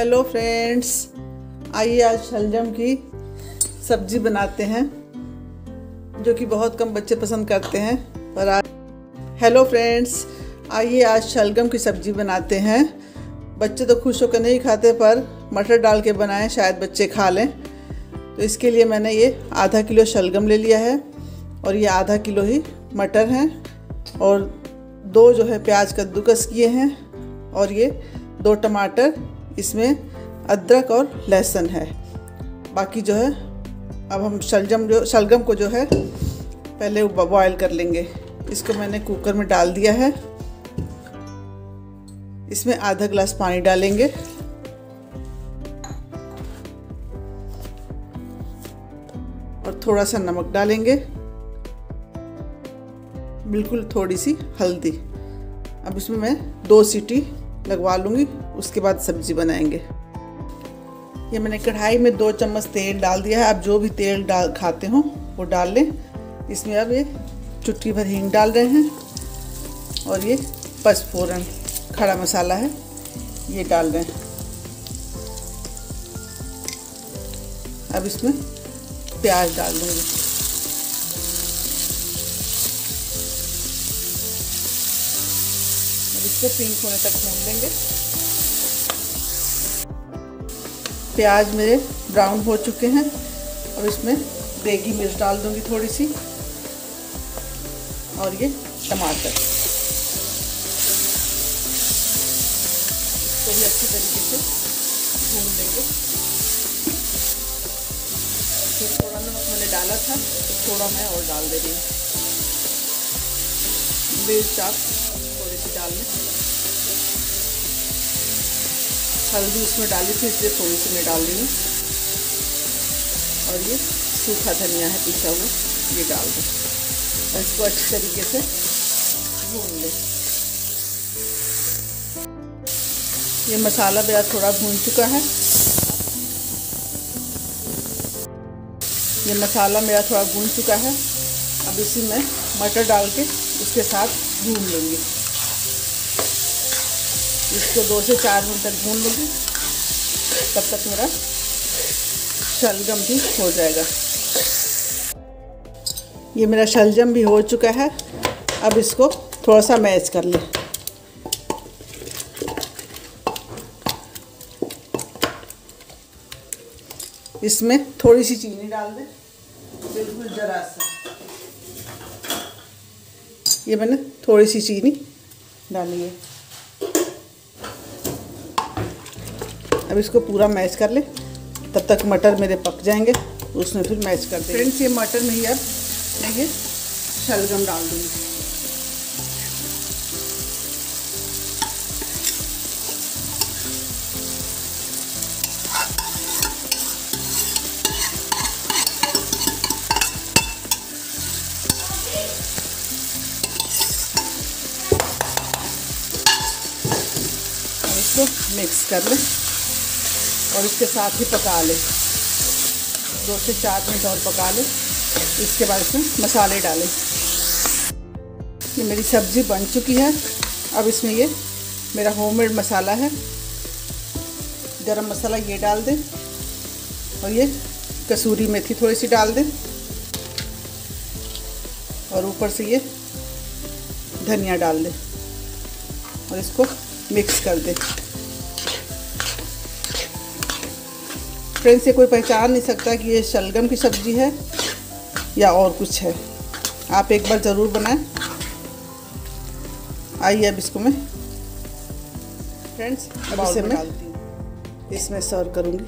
hello friends आइए आज शलजम की सब्जी बनाते हैं जो कि बहुत कम बच्चे पसंद करते हैं पर आज हेलो फ्रेंड्स आइए आज शलगम की सब्जी बनाते हैं बच्चे तो खुश होकर नहीं खाते पर मटर डाल के बनाएं शायद बच्चे खा लें तो इसके लिए मैंने ये आधा किलो शलगम ले लिया है और ये आधा किलो ही मटर हैं और दो जो है प्याज कद्दूकस किए हैं और ये दो टमाटर इसमें अदरक और लहसुन है बाकी जो है अब हम शलजम जो शलगम को जो है पहले बॉयल कर लेंगे इसको मैंने कुकर में डाल दिया है इसमें आधा ग्लास पानी डालेंगे और थोड़ा सा नमक डालेंगे बिल्कुल थोड़ी सी हल्दी अब इसमें मैं दो सीटी लगवा लूँगी उसके बाद सब्ज़ी बनाएंगे ये मैंने कढ़ाई में दो चम्मच तेल डाल दिया है आप जो भी तेल डाल खाते हो वो डाल लें इसमें अब ये चुटकी भर हींग डाल रहे हैं और ये पचफोरन खड़ा मसाला है ये डाल रहे हैं अब इसमें प्याज डाल दूँगी से पिंक होने तक भून लेंगे प्याज मेरे ब्राउन हो चुके हैं अब इसमें बेगी मिर्च डाल दूंगी थोड़ी सी और ये टमाटर तो भी अच्छी तरीके से भून लेंगे फिर थोड़ा नमक मैंने डाला था तो थोड़ा मैं और डाल दे रही हूँ मिर्च आप की दाल हल्दी उसमें डाली थी इसलिए थोड़ी सी मैं डाल रही हूँ और ये सूखा धनिया है पीछा हुआ ये डाल दें और इसको अच्छी तरीके से भून लें ये मसाला मेरा थोड़ा भून चुका है ये मसाला मेरा थोड़ा भून चुका है अब इसी में मटर डाल के उसके साथ भून लेंगे इसको दो से चार मिनट तक भून लूँगी तब तक मेरा शलजम भी हो जाएगा ये मेरा शलजम भी हो चुका है अब इसको थोड़ा सा मैच कर लें इसमें थोड़ी सी चीनी डाल दें बिल्कुल जरा सा ये मैंने थोड़ी सी चीनी डाली है अब इसको पूरा मैश कर ले तब तक मटर मेरे पक जाएंगे उसमें फिर मैश कर दे फ्रेंड्स ये मटर में ही अब मैं ये शलगम डाल दूँगी इसको मिक्स कर लें और इसके साथ ही पका लें दो से चार मिनट और पका लें इसके बाद इसमें मसाले डालें ये मेरी सब्ज़ी बन चुकी है अब इसमें ये मेरा होममेड मसाला है गरम मसाला ये डाल दें और ये कसूरी मेथी थोड़ी सी डाल दें और ऊपर से ये धनिया डाल दें और इसको मिक्स कर दें फ्रेंड्स ये कोई पहचान नहीं सकता कि ये शलगम की सब्ज़ी है या और कुछ है आप एक बार ज़रूर बनाएं आइए अब इसको मैं फ्रेंड्स अब इसे मैं इसमें सर्व करूँगी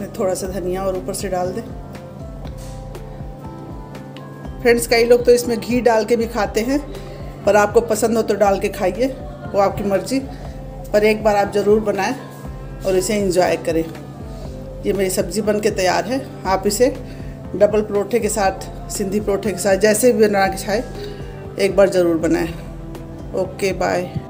इसमें थोड़ा सा धनिया और ऊपर से डाल दें फ्रेंड्स कई लोग तो इसमें घी डाल के भी खाते हैं पर आपको पसंद हो तो डाल के खाइए वो आपकी मर्ज़ी पर एक बार आप ज़रूर बनाएं और इसे इंजॉय करें ये मेरी सब्ज़ी बन के तैयार है आप इसे डबल परोठे के साथ सिंधी परोठे के साथ जैसे भी बना के खाए एक बार ज़रूर बनाएं ओके बाय